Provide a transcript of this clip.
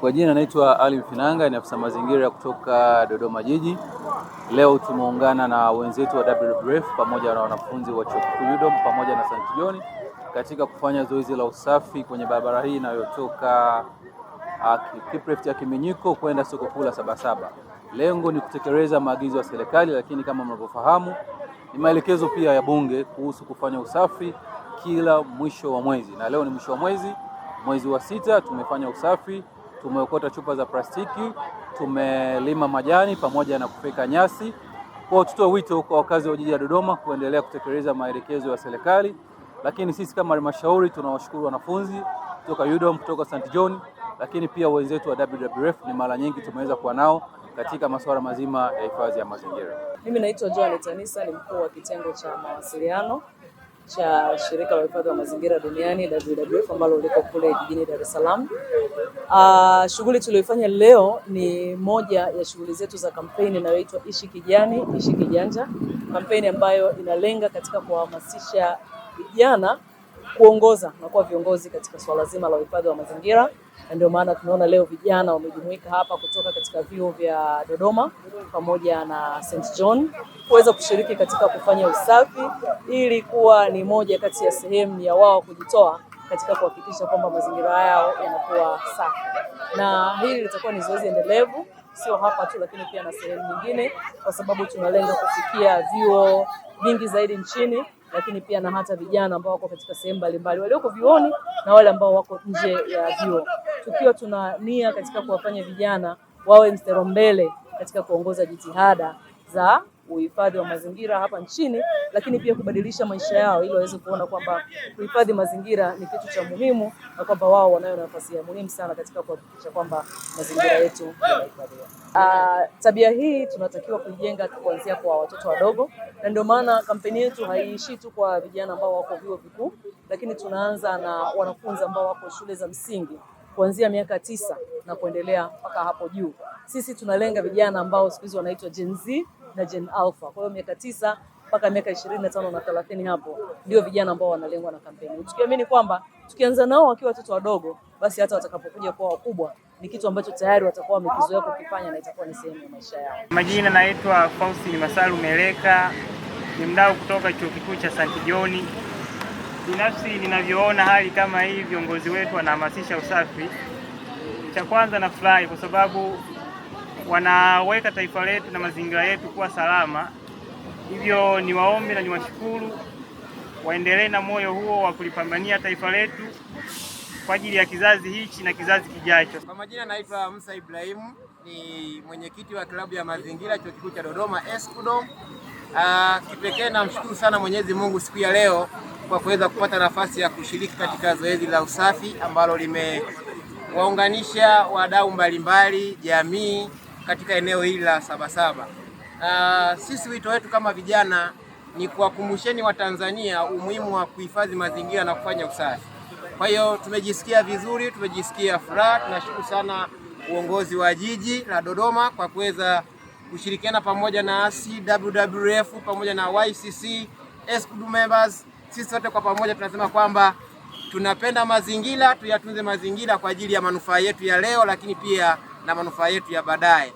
Kwa jina naitwa Ali Mfinanga, ni afisa mazingira kutoka Dodoma Jiji. Leo tumeungana na wenzetu wa WWF pamoja na wanafunzi wa chuo kikuu UDOM pamoja na St. John katika kufanya zoezi la usafi kwenye barabara hii inayotoka ah, Kiprefti ya Kiminyiko kwenda soko kuu la Sabasaba. Lengo ni kutekeleza maagizo ya serikali, lakini kama mnavyofahamu ni maelekezo pia ya Bunge kuhusu kufanya usafi kila mwisho wa mwezi, na leo ni mwisho wa mwezi, mwezi wa sita tumefanya usafi tumeokota chupa za plastiki, tumelima majani pamoja na kufeka nyasi. Kwa tutoe wito kwa wakazi wa jiji la Dodoma kuendelea kutekeleza maelekezo ya serikali, lakini sisi kama halmashauri tunawashukuru wanafunzi kutoka UDOM, kutoka St John, lakini pia wenzetu wa WWF ni mara nyingi tumeweza kuwa nao katika masuala mazima ya hifadhi ya mazingira. Mimi naitwa Joan Tanisa, ni mkuu wa kitengo cha mawasiliano cha shirika la uhifadhi wa mazingira duniani WWF ambalo liko kule jijini Dar es Salaam. Uh, shughuli tulioifanya leo ni moja ya shughuli zetu za kampeni inayoitwa Ishi Kijani, Ishi Kijanja, kampeni ambayo inalenga katika kuhamasisha vijana kuongoza na kuwa viongozi katika swala zima la uhifadhi wa mazingira, na ndio maana tunaona leo vijana wamejumuika hapa kutoka katika vyuo vya Dodoma pamoja na St John kuweza kushiriki katika kufanya usafi ili kuwa ni moja kati ya sehemu ya wao kujitoa katika kuhakikisha kwamba mazingira yao yanakuwa safi, na hili litakuwa ni zoezi endelevu, sio hapa tu, lakini pia na sehemu nyingine, kwa sababu tunalenga kufikia vyuo vingi zaidi nchini lakini pia na hata vijana ambao wako katika sehemu mbalimbali walioko vioni na wale ambao wako nje ya vyuo, tukiwa tuna nia katika kuwafanya vijana wawe mstari mbele katika kuongoza jitihada za uhifadhi wa mazingira hapa nchini, lakini pia kubadilisha maisha yao ili waweze kuona kwamba kuhifadhi mazingira ni kitu cha muhimu na kwamba wao wanayo nafasi ya muhimu sana katika kuhakikisha kwamba mazingira yetu yanahifadhiwa. Uh, tabia hii tunatakiwa kuijenga kuanzia kwa watoto wadogo, na ndio maana kampeni yetu haiishii tu kwa vijana ambao wako vyuo vikuu, lakini tunaanza na wanafunzi ambao wako shule za msingi kuanzia miaka tisa na kuendelea mpaka hapo juu. Sisi tunalenga vijana ambao siku hizi wanaitwa Gen Z na Gen Alpha. Kwa hiyo miaka tisa mpaka miaka ishirini na tano na thelathini hapo ndio vijana ambao wanalengwa na kampeni, tukiamini kwamba tukianza nao wakiwa watoto wadogo, basi hata watakapokuja kuwa wakubwa ni kitu ambacho tayari watakuwa wamekizoea kukifanya na itakuwa ni sehemu ya maisha yao. Majina naitwa Faustini Masalu Meleka, ni mdau kutoka Chuo Kikuu cha St. John. Binafsi ninavyoona hali kama hii, viongozi wetu wanahamasisha usafi, cha kwanza nafurahi kwa sababu wanaweka taifa letu na mazingira yetu kuwa salama. Hivyo ni waombe na niwashukuru waendelee na moyo huo wa kulipambania taifa letu kwa ajili ya kizazi hichi na kizazi kijacho. Kwa majina naitwa Musa Ibrahimu, ni mwenyekiti wa klabu ya mazingira chuo kikuu cha Dodoma ESCUDO. Ah, kipekee namshukuru sana Mwenyezi Mungu siku ya leo kwa kuweza kupata nafasi ya kushiriki katika zoezi la usafi ambalo limewaunganisha wadau mbalimbali, jamii katika eneo hili la Sabasaba. Uh, sisi wito wetu kama vijana ni kuwakumbusheni Watanzania umuhimu wa kuhifadhi mazingira na kufanya usafi. Kwa hiyo tumejisikia vizuri, tumejisikia furaha. Tunashukuru sana uongozi wa jiji la Dodoma kwa kuweza kushirikiana pamoja na asi pamoja na YCC eskudu members. Sisi wote kwa pamoja tunasema kwamba tunapenda mazingira, tuyatunze mazingira kwa ajili ya manufaa yetu ya leo, lakini pia na manufaa yetu ya baadaye.